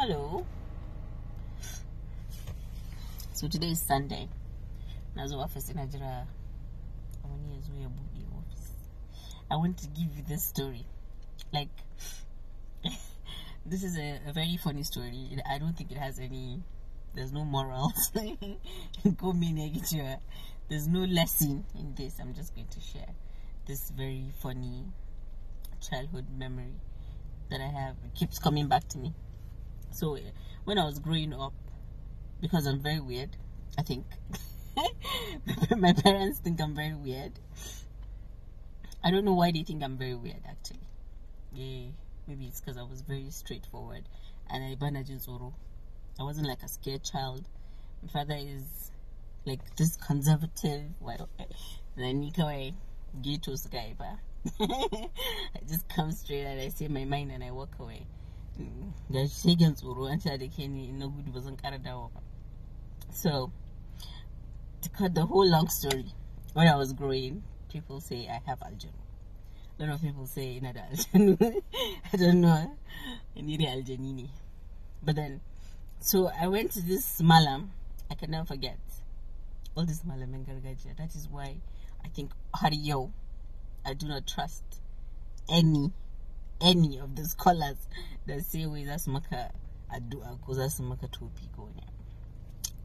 hello so today is sunday na office i want to give you this story like this is a, a, very funny story i don't think it has any there's no morals go me there's no lesson in this i'm just going to share this very funny childhood memory that i have it keeps coming back to me so when I was growing up, because I'm very weird, I think. my parents think I'm very weird. I don't know why they think I'm very weird actually. Yeah, maybe it's because I was very straightforward and I bandaged Zoro. I wasn't like a scared child. My father is like this conservative, well, Nanikawe Gito's guy, but I just come straight and I say my mind and I walk away ga shegen tsoro an ci da ke ni na gudu ba zan kara dawo ba so to cut the whole long story when i was growing people say i have aljanu a lot of people say ina da aljanu i don't know ni da aljani ne but then so i went to this malam i can never forget all this malam malamin gargajiya that is why i think har yau i do not trust any any of the scholars that say wai za su maka addu'a ko za su maka tofi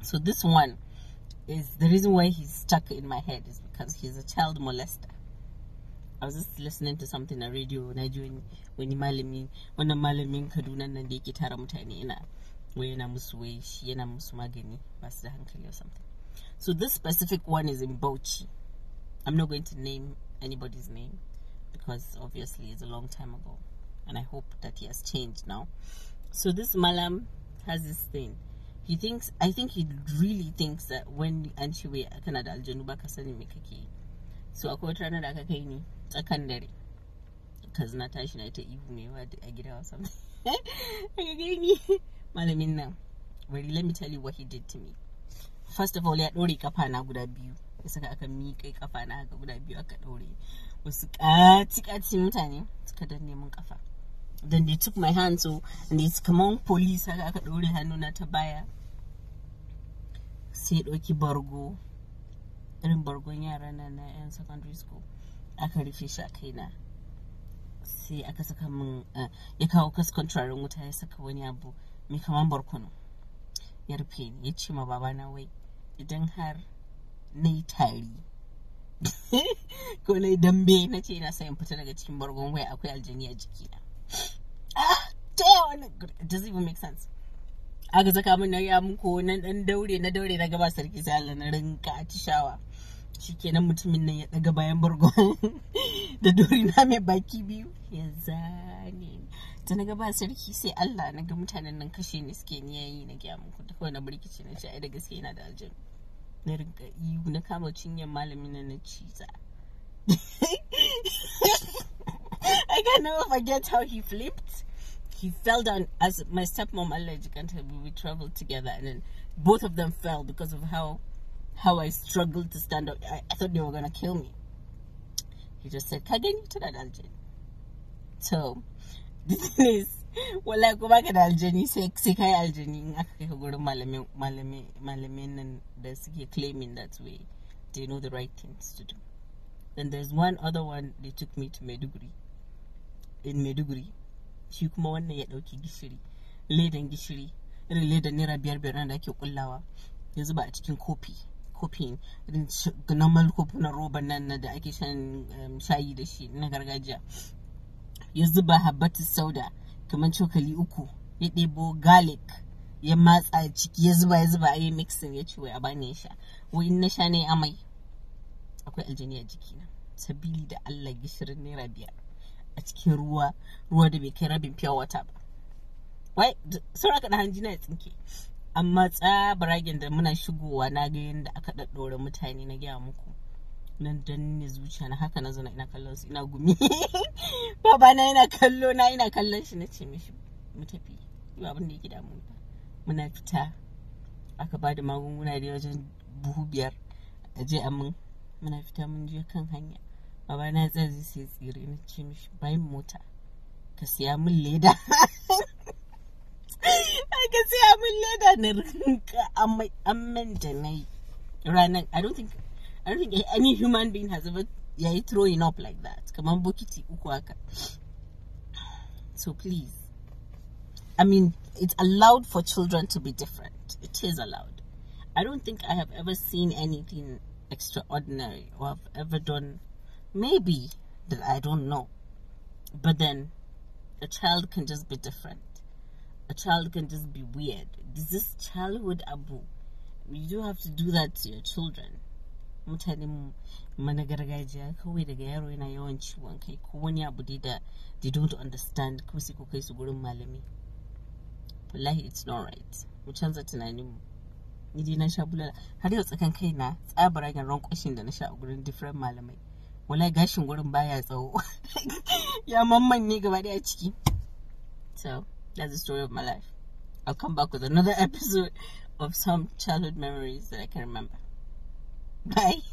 so this one is the reason why he's stuck in my head is because he's a child molester I was just listening to something on radio na ji wani malami wannan malamin Kaduna nan da yake tara mutane ina wai yana musu wai shi yana musu magani ba su da hankali or something so this specific one is in Bauchi I'm not going to name anybody's name because obviously it's a long time ago and I hope that he has changed now. So this Malam has this thing. He thinks, I think he really thinks that when Anchiwe we da aljanu baka sanin me kake So akwai wata rana da aka kai ni tsakan dare. Kazi na tashi na ita ihu mai wa a or something. Aka kai ni malamin nan. Well, let me tell you what he did to me. First of all, ya ɗore kafa na guda biyu. Ya saka aka miƙe kafa na haka guda biyu aka ɗore. wasu ƙaci kaci mutane suka danne mun kafa then they took my hand so and it's on police haka aka hannu hannuna ta baya sai ɗauki bargo irin bargon yara na na yan secondary school aka rufe shi a kaina sai aka saka min eh, ya kawo kas contrarin wuta ya saka wani abu mai kaman barkono ya rufe ni ya ce ma babana wai idan har na tari Ko na dambe na ce na son fita daga cikin bargon waya akwai aljini a jiki ah, ta yawa wannan does even make sense aka na ya muku nan dan daure na daure na gaba sarki sai na rinka atishawa shikenan mutumin nan ya daga bayan bargon da dori na mai baki biyu ya zane ta na gaba sarki sai Allah na ga mutanen nan kashe ni suke ni yayi na gaya muku da kowane na na ce da gaske yana da aljanu na rinka iyu na kama cinyar malamin na na ciza I don't know if I get how he flipped. He fell down as my stepmom alleged until we traveled together, and then both of them fell because of how how I struggled to stand up. I, I thought they were gonna kill me. He just said, you to that Algin." So the thing is, wala ko ba ka da aljani sai sai kai aljani in aka kai gurin malamin malamin and nan da claim claiming that way they know the right things to do. and there's one other one they took me to Maiduguri in Maiduguri shi kuma wannan ya ɗauki gishiri ledan gishiri irin ledan naira biyar biyar da ake kullawa ya zuba a cikin kofi kofin irin normal na roban nan da ake shan um, shayi da shi na gargajiya ya zuba habbatus sauda kamar cokali uku ya ɗebo garlic ya matsa ciki ya zuba ya zuba a yi mixin ya ce wai a bani ya sha wai in na sha ne amai akwai aljini a jikina sabili da allah gishirin naira biyar a cikin ruwa ruwa da bai kai rabin fiya wata ba wai sauran aka hanji na ya tsinke amma tsabaragen da muna shigowa na ga yadda aka ɗaɗɗora mutane na gaya muku nan danne zuciya na haka na zana ina kallon su ina gumi baba na yana kallo na ina kallon shi na ce mishi mu tafi ba abin da yake mu muna fita aka ba da magunguna da wajen buhu biyar a amin muna fita mun je kan hanya baba na zai sai tsire na ce mishi bai mota ka siya min leda ai ka siya min leda na rinka amman da na yi i don't think i don't think any human being has ever yayi throwing up like that kamar bokiti uku haka so please i mean it's allowed for children to be different it is allowed i don't think i have ever seen anything extraordinary or I've ever done. Maybe that I don't know. But then a child can just be different. A child can just be weird. This is childhood abu. You do have to do that to your children. mutane mu na gargajiya kawai daga yaro yana yawan ciwon they don't understand ko sai ko it's not right mu ni dai na sha bulala har yau tsakan kai na tsabaragen rankwashin da na sha a gurin different malamai wala gashin gurin baya tsawo ya mammanye gaba daya ciki so that's the story of my life I'll come back with another episode of some childhood memories that I can remember bye